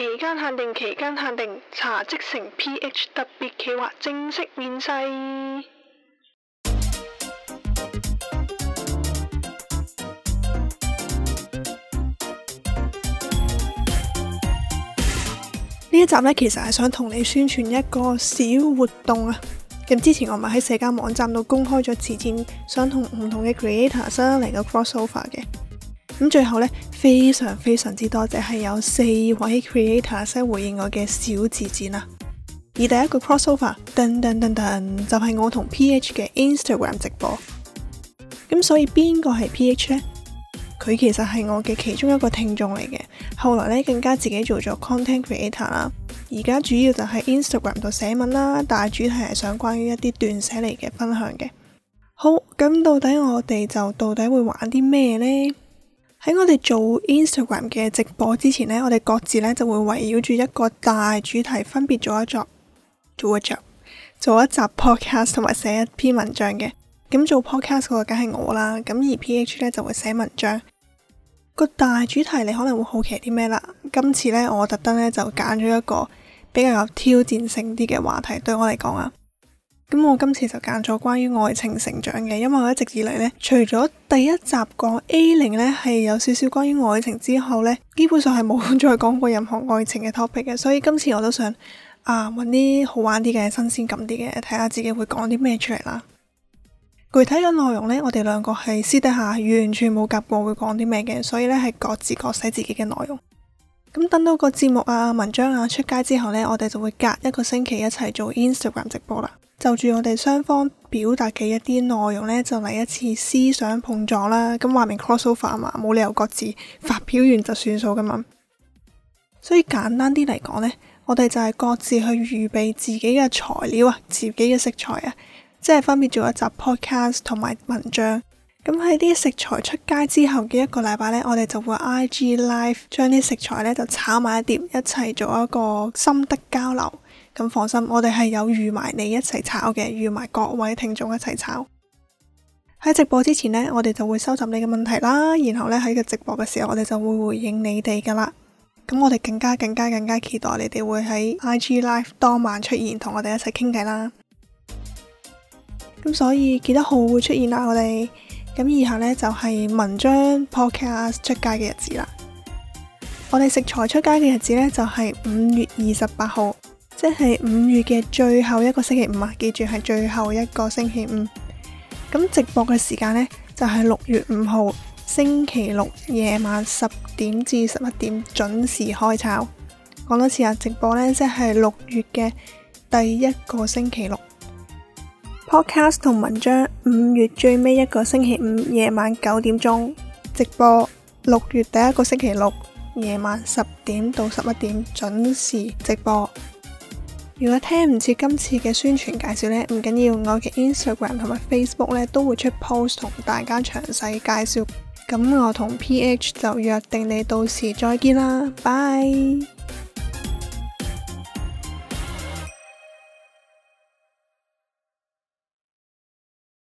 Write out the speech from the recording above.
期間限定，期間限定，茶嘖 x PH 特別企劃正式面世。呢一集呢，其實係想同你宣傳一個小活動啊。咁之前我咪喺社交網站度公開咗自薦，想同唔同嘅 creators 嚟個 crossover 嘅。咁最後咧，非常非常之多謝係有四位 creator 寫回應我嘅小字展啦。而第一個 crossover，噔噔噔噔，噔，就係、是、我同 PH 嘅 Instagram 直播。咁所以邊個係 PH 呢？佢其實係我嘅其中一個聽眾嚟嘅。後來咧，更加自己做咗 content creator 啦。而家主要就喺 Instagram 度寫文啦，但係主題係想關於一啲斷捨離嘅分享嘅。好，咁到底我哋就到底會玩啲咩呢？喺我哋做 Instagram 嘅直播之前呢，我哋各自呢就會圍繞住一個大主題，分別做一作，做一作，做一集做一集 podcast 同埋寫一篇文章嘅。咁做 podcast 嗰個梗係我啦，咁而 PH 呢就會寫文章。個大主題你可能會好奇啲咩啦？今次呢，我特登呢就揀咗一個比較有挑戰性啲嘅話題，對我嚟講啊。咁我今次就揀咗關於愛情成長嘅，因為我一直以嚟呢，除咗第一集講 A 零呢係有少少關於愛情之後呢，基本上係冇再講過任何愛情嘅 topic 嘅，所以今次我都想啊揾啲好玩啲嘅、新鮮感啲嘅，睇下自己會講啲咩出嚟啦。具體嘅內容呢，我哋兩個係私底下完全冇夾過會講啲咩嘅，所以呢係各自各寫自己嘅內容。咁等到個節目啊、文章啊出街之後呢，我哋就會隔一個星期一齊做 Instagram 直播啦。就住我哋雙方表達嘅一啲內容呢，就嚟一次思想碰撞啦。咁話明 crossover 啊嘛，冇理由各自發表完就算數噶嘛。所以簡單啲嚟講呢，我哋就係各自去預備自己嘅材料啊、自己嘅食材啊，即係分別做一集 podcast 同埋文章。咁喺啲食材出街之後嘅一個禮拜呢，我哋就會 IG live 將啲食材呢就炒埋一碟，一齊做一個心得交流。咁放心，我哋係有預埋你一齊炒嘅，預埋各位聽眾一齊炒。喺直播之前呢，我哋就會收集你嘅問題啦，然後呢，喺個直播嘅時候，我哋就會回應你哋噶啦。咁我哋更加更加更加期待你哋會喺 IG live 當晚出現，同我哋一齊傾偈啦。咁所以記得號會出現啦、啊，我哋。咁以後呢，就係文章 Podcast 出街嘅日子啦。我哋食材出街嘅日子呢，就係五月二十八號，即係五月嘅最後一個星期五啊！記住係最後一個星期五。咁直播嘅時間呢，就係六月五號星期六夜晚十點至十一點準時開炒。講多次啊，直播呢，即係六月嘅第一個星期六。Podcast 同文章，五月最尾一個星期五夜晚九點鐘直播，六月第一個星期六夜晚十點到十一點準時直播。如果聽唔切今次嘅宣傳介紹呢，唔緊要，我嘅 Instagram 同埋 Facebook 咧都會出 post 同大家詳細介紹。咁我同 PH 就約定你到時再見啦，拜。